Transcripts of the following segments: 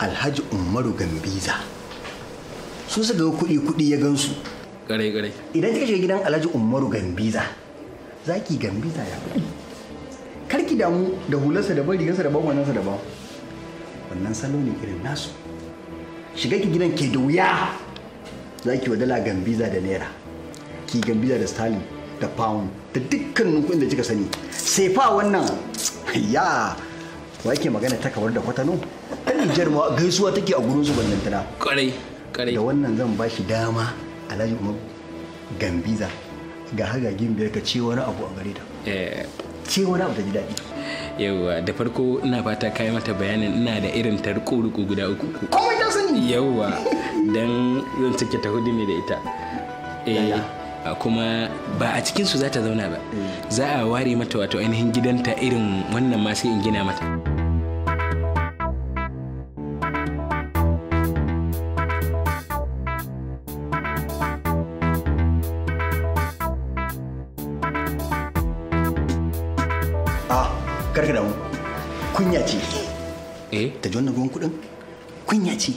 Alhaji Umaru Gambiza su suka ga kuɗi kuɗi ya gansu. Gare gare. Idan kika shiga gidan Alhaji Umaru Gambiza ki Gambiza ya kuɗi. Karki damu da hularsa daban rigarsa daban wannansa daban. Wannan salo ne irin nasu. Shiga ki gidan ke da wuya. za wa dala Gambiza da Naira. Ki Gambiza da Stalin. da pound da dukkanin kuɗin da kika sani sai fa wannan ya wa yake magana ta kawar da kwatano ta Nijar ma gaisuwa take a gurin su tana kwarai kwarai da wannan zan ba shi dama Alhaji Umar Gambiza ga hagagin biyar ka ce wani abu a gare ta ce eh. wani abu ta ji daɗi yauwa da farko ina fata kai mata bayanin ina da irin tarko ruku guda uku komai ta sani yauwa dan zan cike ta hudu ne da ita eh kuma ba a cikinsu za ta zauna ba za a ware mata wato ainihin gidanta irin wannan ma sai in gina mata karka damu kunya ce eh ta ji wannan ruwan kudin kunya ce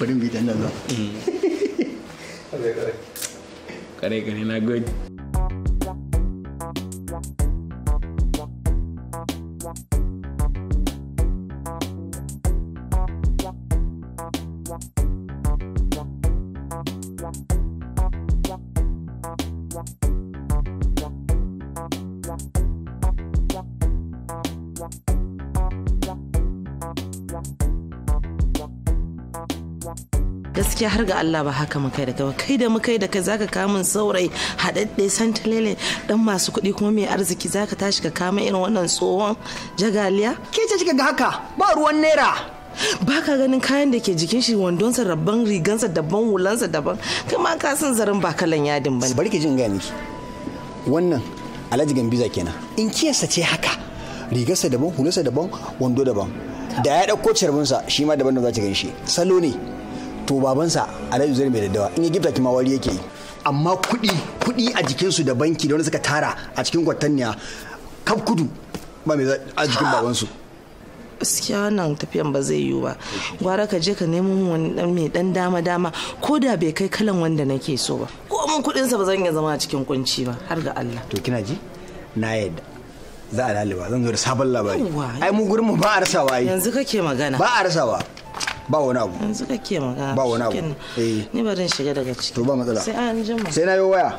bari mu bi dan nan zuwa mm. That ain't, that not good. gaskiya har ga Allah ba haka mukai da kai kai da mukai da kai zaka kamun saurayi haɗaɗɗe santalele dan masu kuɗi kuma mai arziki zaka tashi ka kama irin wannan tsohon jagaliya ke ce kika ga haka ba ruwan naira baka ganin kayan da ke jikin shi wandonsa rabban rigansa daban wulansa daban kai ma ka san zarin ba kalan yadin bane bari ki jin ga miki wannan alhaji gambiza kenan in kiyasa ce haka rigarsa daban hulansa daban wando daban da ya ɗauko carbinsa shi ma daban da za ta gan shi salo ne to babansa alhaji zai mai daddawa in ya gifta kima wari yake yi amma kuɗi kuɗi a jikinsu da banki da wani suka tara a cikin kwatanniya kaf kudu ba mai a jikin babansu gaskiya wannan tafiyan ba zai yiwu ba gwara ka je ka nemo wani dan mai dan dama dama ko da bai kai kalan wanda nake so ba ko mun kuɗin sa ba zan iya zama a cikin kunci ba har ga Allah to kina ji na yadda za a laliba zan zo da sabon labari ai mu gurin mu ba a rasawa yanzu kake magana ba a rasawa ba wani abu yanzu kake magana ba wani abu eh. ni ba zan shiga daga ciki to ba matsala sai an jima sai na yi waya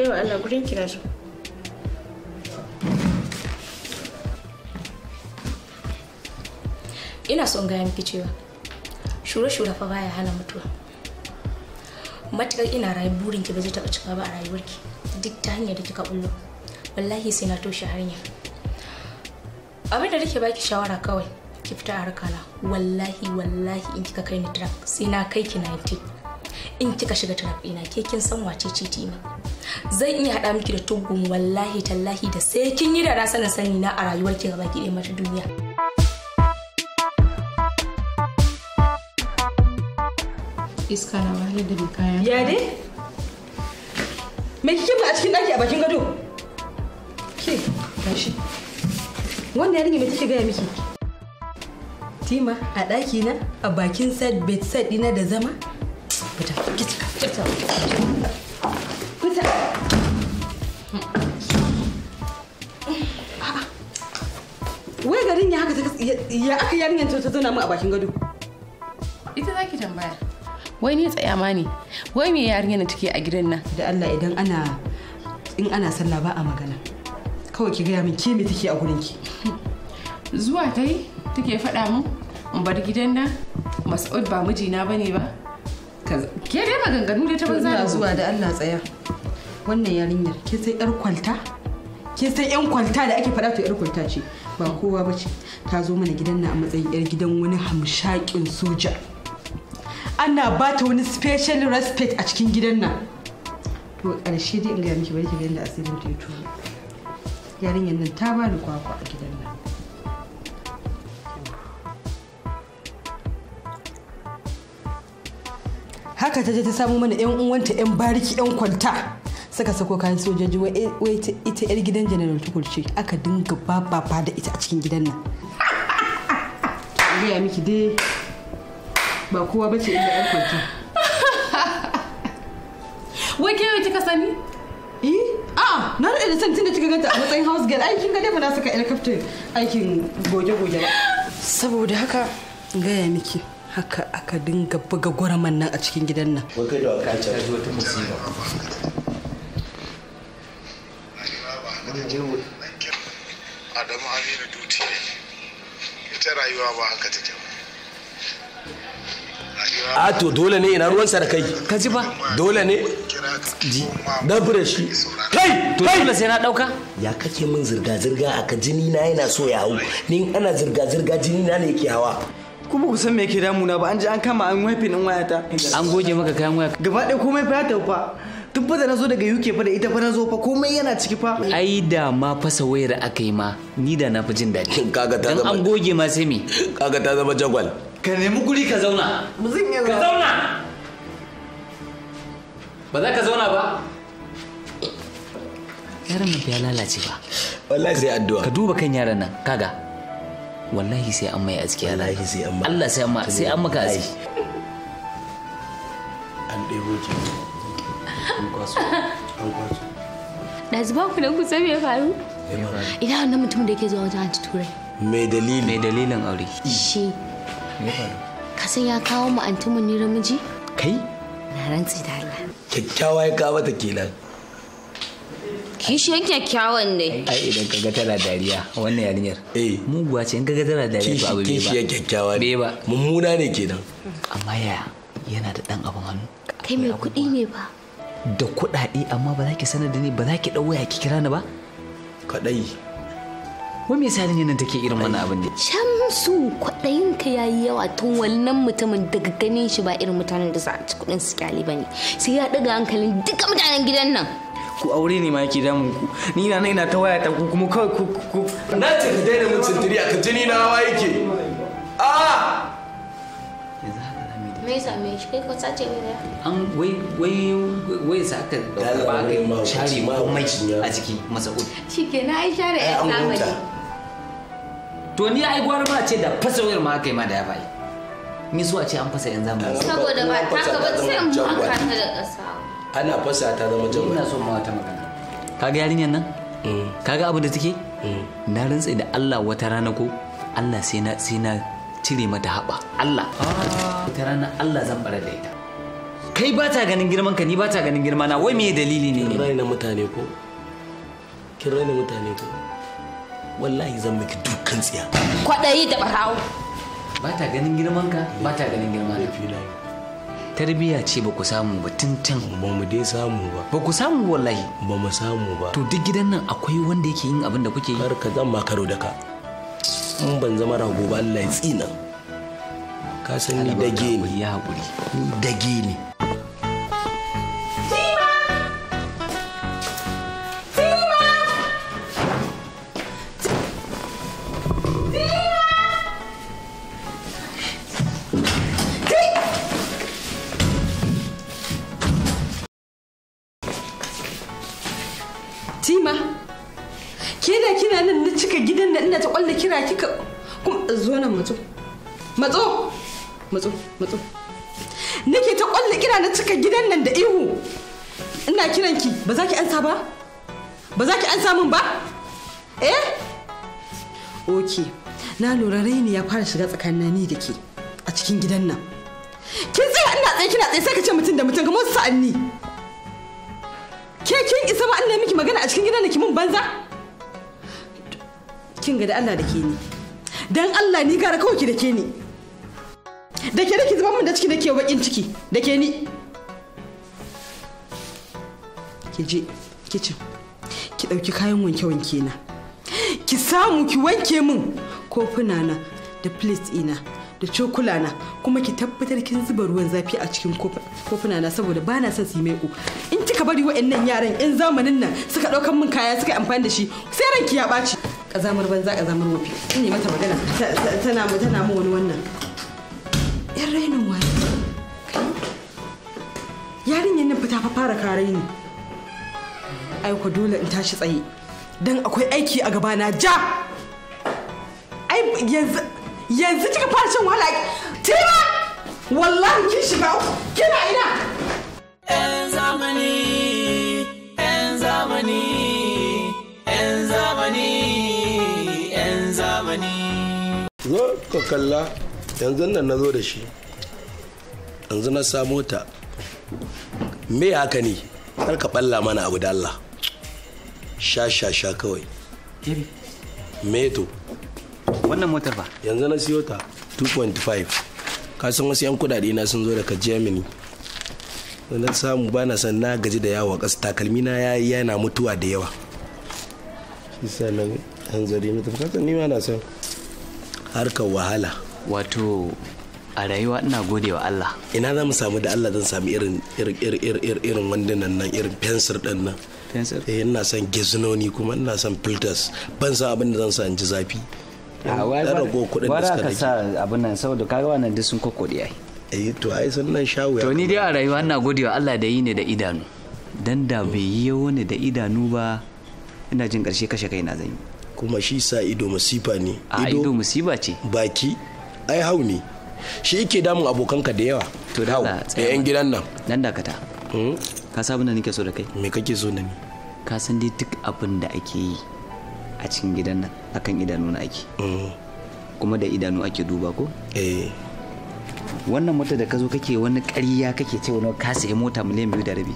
Baiwa Allah gurin kira shi. ina son gaya miki cewa shure-shure fa baya hana mutuwa matukar ina rayu burin ki ba zai taɓa cika ba a rayuwarki duk ta hanyar da kika bullo wallahi sai na toshe hanya abinda da nake baki shawara kawai ki fita a harkana wallahi wallahi in kika kai ni trap sai na kai ki 90 in kika shiga trap ina ke kin san wace ce tima zan iya haɗa miki da tugun wallahi tallahi da sai kin yi da na sani na a rayuwarki gaba ki ɗaya mata duniya iska na wahalar da bai kaya ya dai me kike ba a cikin daki a bakin gado ke gashi wannan yarinya me take gaya miki tima a ɗaki na a bakin set bed set dina da zama? Fita, fita, fita. Fita. Wai garin ya haka ya aka yarinyar ta zauna mu a bakin gado. Ita za ki tambaya. wai ne tsaya ma ne wai me yarinya na take a gidan nan da Allah idan ana in ana sallah ba a magana kawai ki gaya min ke me take a gurin ki zuwa ta yi take faɗa min in bar gidan nan Mas'ud ba mijina bane ba ke dai maganganu da ta banza da zuwa da Allah tsaya wannan yarinyar ke sai yar kwalta ke sai yan kwalta da ake faɗa to yar kwalta ce ba kowa bace ta zo mana gidan nan a matsayin yar gidan wani hamshakin soja ana ba ta wani special respect a cikin gidan nan to ƙarshe dai in gaya miki bari ki ga yadda asirin ta yi tuwo yarinyar nan ta da kwakwa a gidan nan haka ta je ta samu mana yan uwanta yan bariki yan kwanta suka sako kayan sojoji wai eh, ita yar gidan general tukur ce aka dinga ba da ita a cikin gidan nan. Gaya miki dai ba kowa ba ce inda ɗan kwanta wai ke yau ka sani eh a na da san tunda kika ganta a matsayin house girl aikin kin ga dai ba na saka helicopter aikin goge-goge ba saboda haka gaya miki haka aka dinga buga gwaraman nan a cikin gidan nan wai kai da waka ta zo ta musiba Adamu Aminu ne. ita rayuwa ba haka take ba a to dole ne ina ruwansa da kai ka ji ba dole ne ji dabura shi kai to dole sai na dauka ya kake min zirga zirga aka jini na yana so ya hau ni ana zirga zirga jini na ne yake hawa kuma ku san me yake damuna ba an ji an kama an wifi din wayata an goge maka kayan waya gaba ɗaya komai fa ya taufa tun fa da na zo daga UK fa da ita fa na zo fa komai yana ciki fa ai da ma fasa wayar aka yi ma ni da na fi jin daɗi kaga ta zama an goge ma sai me kaga ta zama jagwal ka nemi guri ka zauna ka zauna ba za ka zauna ba yaran nan ya lalace ba wallahi sai addu'a ka duba kan yaran nan kaga wallahi sai an mai aski wallahi sai an Allah sai an sai an maka aski an ɗebo ki an kwaso an kwaso ɗazu ba ku nan ku san me faru ina wannan mutum da yake zuwa wajen turai mai dalili mai dalilin aure shi Ka san ya kawo mu anti ni ramuji Kai? Na rantsi da Allah. Kyakkyawa ya kawo ta kenan. Kishiyan kyakkyawan ne. Ai idan ka ga tana dariya wannan yarinyar. Eh. Muguwa ce in ka ga tana dariya ba abu ba. Kishiyan kyakkyawa ne. ba. Mummuna ne kenan. Amma ya yana da dan abun hannu. Kai mai kuɗi ne ba. Da kuɗaɗe amma ba za ki sanar da ni ba za ki ɗau waya ki kira ni ba? Kaɗai. wai me yasa yarinyar nan take irin wani abin ne shamsu kwaɗayin ka yi yawa tun wannan mutumin daga ganin shi ba irin mutanen da za a ci kuɗin su ba ne sai ya ɗaga hankalin duka mutanen gidan nan ku aure ne ma yake damun ku ni na ina ta waya ta ku kuma kawai ku ku na ce ka daina mun cintiri a ka jini na hawa yake a me yasa me shi kai ko sace ne an wai wai wai sa ka ba ga share komai a ciki masa shi kenan ai share ya samu to ni ai gwara ma ce da fasa wayar ma kai ma da ya bai ni zuwa ce an fasa yanzu amma saboda ba ta ba sai mu an kanta da kasa ana fasa ta zama jangwani ina so ma wata magana kaga yarinyan nan mm. kaga abu da take mm. na rantsa da Allah wata rana ko Allah sai na sai na cire mata haba Allah wata rana Allah zan bara da ita kai ba ta ganin girman ka ni ba ta ganin girma na wai me dalili ne ne na mutane ko kin raina mutane ko wallahi zan miki dukkan tsiya kwaɗayi da barawo ba ta ganin girman ka ba ta ganin girma na tarbiya ce ba ku samu ba tun can ba mu dai samu ba ba ku samu wallahi ba mu samu ba to duk gidan nan akwai wanda yake yin abin da kuke yi kar ka zan ma karo da ka in ban zama rago ba Allah ya tsina ka san ni dage ne ya hakuri dage ne ba ba za ki an samun ba eh ok na lura raini ya fara shiga tsakanin ni da ke a cikin gidan nan kin tsaya ina tsaye kina tsaye sai ka ce mutum da mutum kamar sa'anni ke kin isa ma Allah miki magana a cikin gidan da ki mun banza kin ga da Allah da ke ni dan Allah ni gara kawai ki da ke ni da ke da ki zuban mun da ciki da ke bakin ciki da ke ni ki je kicin ki ɗauki kayan wanke-wanke na ki samu ki wanke min kofuna na da plate ina da cokula na kuma ki tabbatar kin zuba ruwan zafi a cikin kofuna na saboda bana son su yi maiko in kika bari wa'annan yaran yan zamanin nan suka ɗaukar min kaya suka amfani da shi sai ranki ya ɓaci kazamar banza kazamar mafi in yi mata magana tana mu tana mu wani wannan yan rainin wani yarinyar nan fita fa fara kare ni aiko dole in tashi tsaye don akwai aiki a gabana ja ai yanzu cika fara cin wahala tima wallahi kin shiga kina ina yan zamani yan zamani yan zamani yan zamani zo ka kalla yanzu nan na zo da shi yanzu na samo ta me haka ne kar ka balla mana abu da Allah sha sha sha kawai meto wannan motar ba yanzu na siyo ta 2.5 kasan wasu yan kudade na sun zo daga germany na samu ba na san na gaji da yawa ƙasa takalmi na yana mutuwa da yawa isa na tafi kasan nima na san harkar wahala wato a rayuwa ina gode wa Allah ina za mu samu da Allah zan samu irin irin irin irin wannan nan irin fensir din nan fensir. eh ina son gezinoni kuma ina son filters ban san abin da zan sa in ji zafi ah, dan rago kuɗin da suka ka sa abin nan saboda kaga wannan duk sun kokodi ai eh to ai sannan shawo to ni dai a rayuwa ina godewa Allah da yi ne da idanu dan da bai yi wani da idanu ba ina jin karshe kashe kaina zan yi kuma shi sa ido musifa ne a ido musiba ce baki ai hau ne shi yake damun abokanka da yawa to da hau da yan gidan nan dan dakata hmm? ka sabu da nake so da kai me kake so da ni ka san dai duk abin da ake yi a cikin gidan nan akan idanu na ake mm. kuma da idanu ake duba ko eh wannan mota da ka zo kake wani ƙarya kake ce wani ka sayi mota miliyan biyu da rabi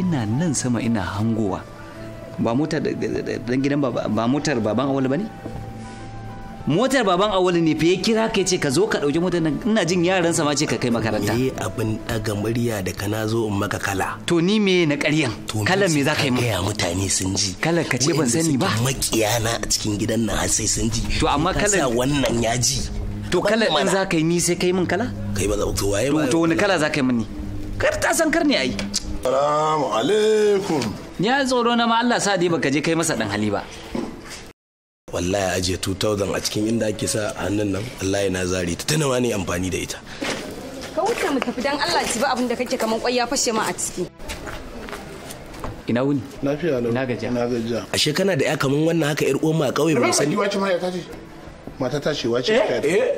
ina nan sama ina hangowa ba motar dan gidan ba motar baban awal ba ne motar baban awali ne fiye kira ka ce ka zo ka dauki motar nan ina jin yaran sa ma ce ka kai makaranta eh abin daga murya da kana zo in maka kala to ni me na ƙaryan kalan me za ka yi mu ya mutane sun ji kalan ka ce ban sani ba makiyana a cikin gidan nan har sai sun ji to amma kalan wannan ya ji to kalan in za ka yi ni sai kai min kala kai ba za to waye ba to wani kala za ka yi min ni kar ta san kar ne ai assalamu alaikum ya tsoro na ma Allah sa dai baka je kai masa dan hali ba wallahi ajiye 2000 a cikin inda ake sa hannun nan wallahi na zari ta tana ne amfani da ita ka wuce mu tafi dan Allah ci ba abin da kake kaman kwai ya fashe ma a ciki ina wuni lafiya lau na gaja na gaja ashe kana da ya kaman wannan haka yar uwan ma kauye ba sani wace ma ya tace mata ta ce wace ta eh a eh.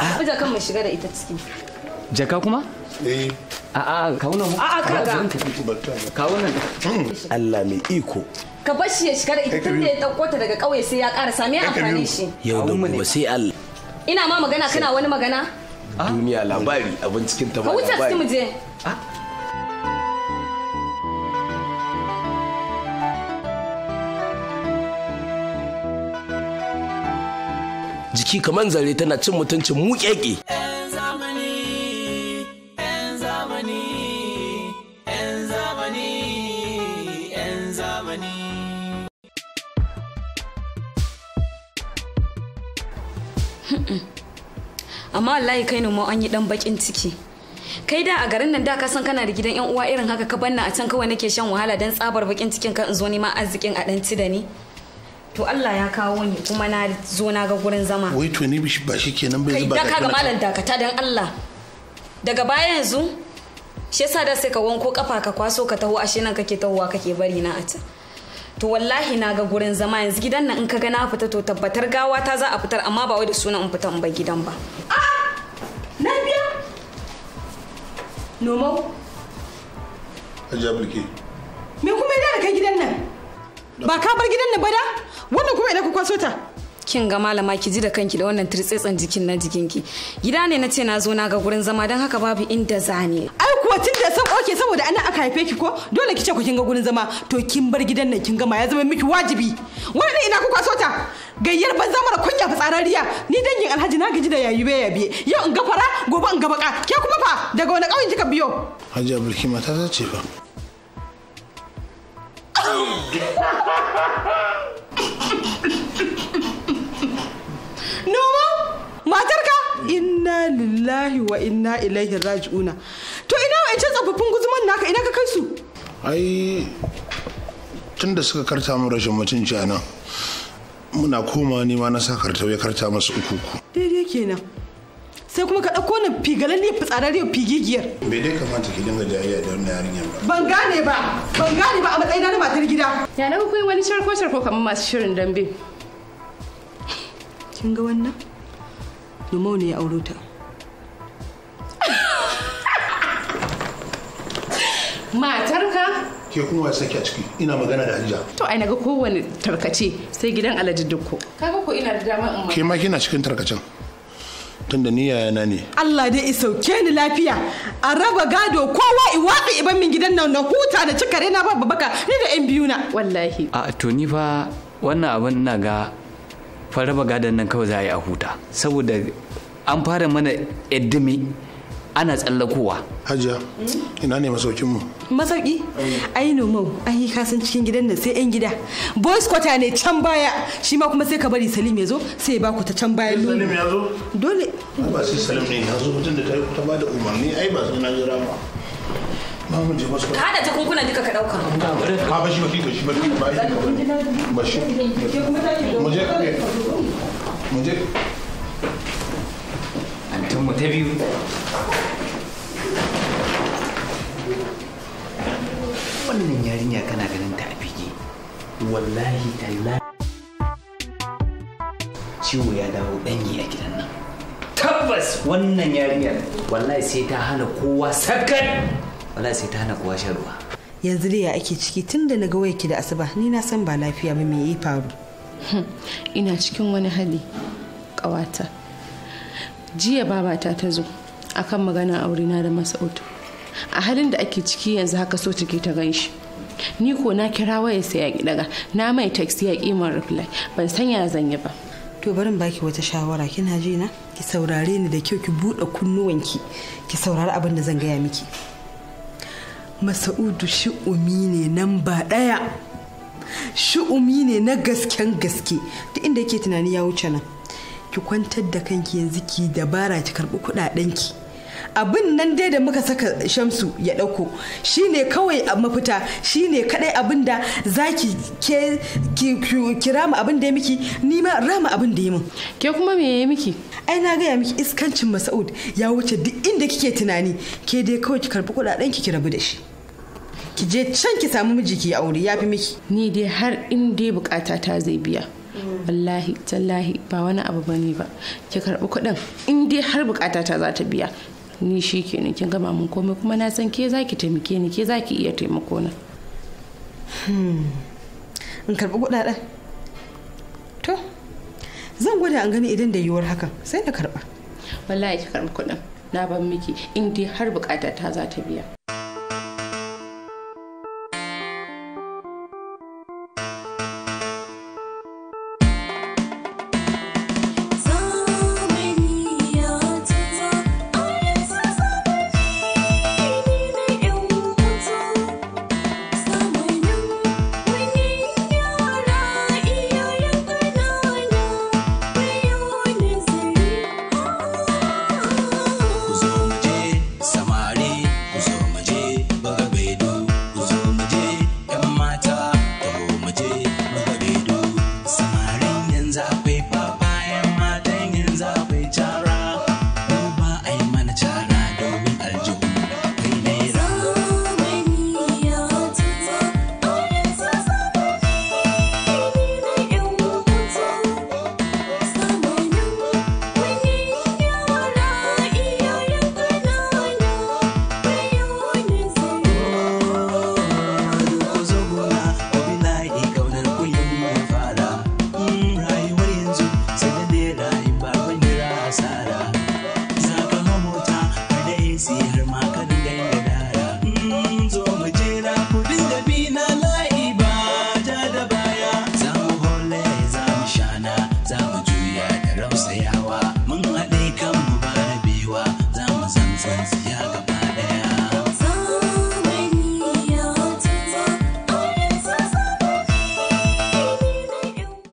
ah. kan mu shiga da ita ciki jaka kuma eh a'a kawunan a'a kaga kawunan Allah mai iko ka bar shi ya shiga da ita tun da ya ɗauko ta daga ƙauye sai ya karasa ya amfani shi yau da gobe sai Allah ina ma magana kana wani magana ah? duniya labari abin cikin ta ba labari ka wuce su mu je ah? jiki kamar zare tana cin mutuncin muƙeƙe amma wallahi kai ne mu an yi dan bakin ciki kai da a garin nan da ka san kana da gidan yan uwa irin haka ka banna a can kawai nake shan wahala dan tsabar bakin cikin ka in zo ni ma arzikin a dan ci da ni to Allah ya kawo ni kuma na zo na ga gurin zama wai to ni ba shi kenan bai zuba kai da kaga malam dakata dan Allah daga baya yanzu shi yasa da sai ka wanko kafa ka kwaso ka taho ashe nan kake tahowa kake bari na a can to wallahi na ga gurin zama yanzu gidan nan in ka ga na fita to tabbatar gawa ta za a fitar amma ba wai da sunan in fita in bar gidan ba ah nomo hajiya me kuma ya da kai gidan nan ba ka bar gidan nan ba da wannan kuma idan ku kwaso ta kin ga malama ki ji da kanki da wannan tirtsetsen jikin na jikinki gida ne na ce na zo na ga gurin zama don haka babu inda zane ai kuwa tun da san oke saboda ana aka haife ki ko dole ki ce ku kin ga gurin zama to kin bar gidan nan kin gama ya zama miki wajibi wannan ina kuka sota gayyar banza mara kunya tsarariya ni dangin alhaji na gaji da yayi be biye yau in ga fara gobe in ga baka ke kuma fa daga wani kauyen kika biyo hajiya bulki mata ta ce fa inna lillahi wa inna ilaihi raji'una to ina ce tsofaffin guzuman naka ina ka kai su ai tun da suka karta mu rashin mutunci a nan muna koma ne ma na sa kartau ya karta masu uku ku daidai kenan sai kuma ka ɗauko ni figalar ne yau figigiyar. Bai dai kamata ki dinga jayayya da wannan yarinya ba. Ban gane ba, ban gane ba a matsayina na matar gida. Ya na yi wani sharko-sharko kamar masu shirin dambe. Kin ga wannan? Numau ne ya auro ta. Matarka? Ke kuma wasu sake a ciki ina magana da Hajja. To ai naga kowane tarkace sai gidan Alhaji Dukko. Kaga ko ina da dama in Ke ma kina cikin tarkacen. Tunda ni yayana ne. Allah dai isauke ni lafiya. A raba gado kowa iwaɗi iban min gidan nan na huta da cika rena ba babaka ni da 'yan biyu na. Wallahi. A to ni fa wannan abin na ga faraba gadon nan kawai za a yi a huta saboda an fara mana edimi ana tsallakowa. Hajiya, ina ne masaukin mu? Masauki? Ai nomo ai kasan cikin gidan da sai 'yan gida. Boys kwata ne can baya, shi ma kuma sai ka bari Salim ya zo sai ya baku ta can baya. Salim ya zo? Dole. Ba sai Salim ne ya zo mutum da ta ba da umarni ai ba sai na jira ba. Ka haɗa jakunkuna duka ka ɗauka. Ka ba shi mafi to shi ba shi ba shi. Mu je kare. Eh, mu je. Antin mu ta biyu. Wannan yarinya kana ganin ta a fige. Wallahi tallahi. Ciwo ya dawo ɗanyi a gidan nan. Tabbas wannan yarinyar wallahi sai ta hana kowa sakat. wala sai ta hana kowa shan ruwa yanzu da ya ake ciki tun da na ga wayarki da asuba ni na san ba lafiya ba me yi faru hmm, ina cikin wani hali kawata jiya babata ta zo akan magana aurena da masautu a halin da ake ciki yanzu haka so take ta gan shi ni ko na kira waya sai ya daga na mai taxi ya kiman reply ban san ya zan yi ba to barin baki wata shawara kina ji na ki saurare ni da kyau ki bude kunnuwanki ki saurari abin da zan gaya miki masa'udu shi'umi ne nan ba ɗaya shi'umi ne na gasken gaske duk inda yake tunani ya wuce nan ki kwantar da kanki yanzu ki dabara ki karɓi kuɗaɗenki abin nan dai da muka saka shamsu ya ɗauko shine kawai a mafita shine kadai abin da za ki ke ki rama abin da ya miki ni ma rama abin da ya min ke kuma me ya miki ai na gaya miki iskancin masaud ya wuce duk inda kike tunani ke dai kawai ki karbi kudaden ki rabu da shi ki je can ki samu miji ki aure ya fi miki ni dai har in dai bukata ta zai biya wallahi tallahi ba wani abu bane ba ki karbi kudin in dai har bukata ta za ta biya ni shi kenan kin gama mun komai kuma na san ke za ki taimake ni ke za ki iya taimako na hmm. in karbi kudaden zan gwada an gani idan da yiwuwar hakan sai na karba wallahi ki karbi kuɗin na ban miki in dai har bukata ta za ta biya